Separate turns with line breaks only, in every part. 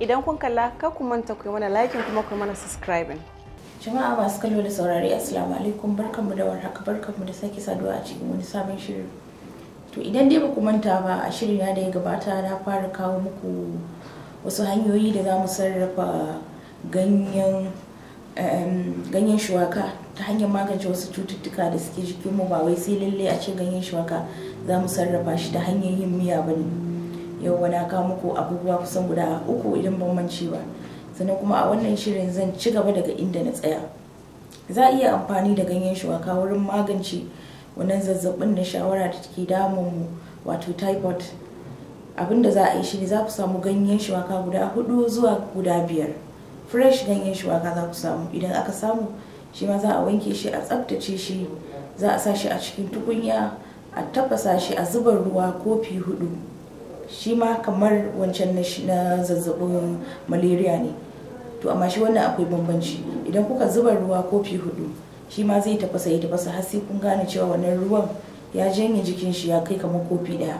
idan kun kalla ka ku manta ku mana liking kuma ku mana subscribing jama'a masu kallo da saurari assalamu alaikum barkanmu da warhaka barkanmu da sake saduwa a cikin wani sabon shirin to idan dai ba ku manta ba a shirin da ya gabata na fara kawo muku wasu hanyoyi da za mu sarrafa ganyen ganyen shuwaka ta hanyar magance wasu cututtuka da suke jikinmu ba wai sai lalle a ce ganyen shuwaka za mu sarrafa shi ta hanyar yin miya ba ne yau na kawo muku abubuwa kusan guda uku idan ban mance ba sannan kuma a wannan shirin zan ci gaba daga inda na tsaya za a iya amfani da ganyen shuwaka wurin magance wannan zazzabin na shawara da take damun mu wato typhoid abin da za a yi shi ne za ku samu ganyen shuwaka guda hudu zuwa guda biyar fresh ganyen shuwaka za ku samu idan aka samu shi ma za a wanke shi a tsabtace shi za a sa shi a cikin tukunya a tafasa shi a zuba ruwa kofi hudu shi ma kamar wancan na zazzabin malaria ne to amma shi wannan akwai bambanci idan kuka zuba ruwa kofi hudu shi ma zai tafasa ya tafasa har sai kun gane cewa wannan ruwan ya janye jikin shi ya kai kamar kofi daya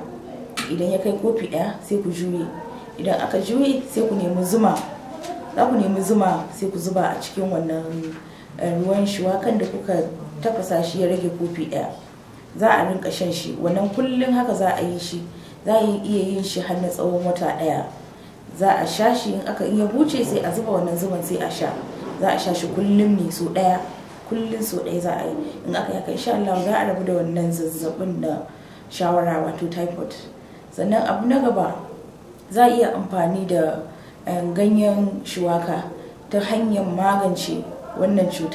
idan ya kai kofi daya sai ku juye idan aka juye sai ku nemi zuma za ku nemi zuma sai ku zuba a cikin wannan eh, ruwan shuwakan da kuka tafasa shi ya rage kofi daya za a rinka shan shi wannan kullum haka za a yi shi za a iya yin shi har na tsawon wata ɗaya za a sha shi in aka iya huce sai a zuba wannan zuban sai a sha za a sha shi kullum ne so ɗaya kullum so ɗaya za a yi in aka yi haka insha Allah za a rabu da wannan zazzabin da shawara wato typhoid sannan abu na gaba za a iya amfani da eh, ganyen shuwaka ta hanyar magance wannan cutar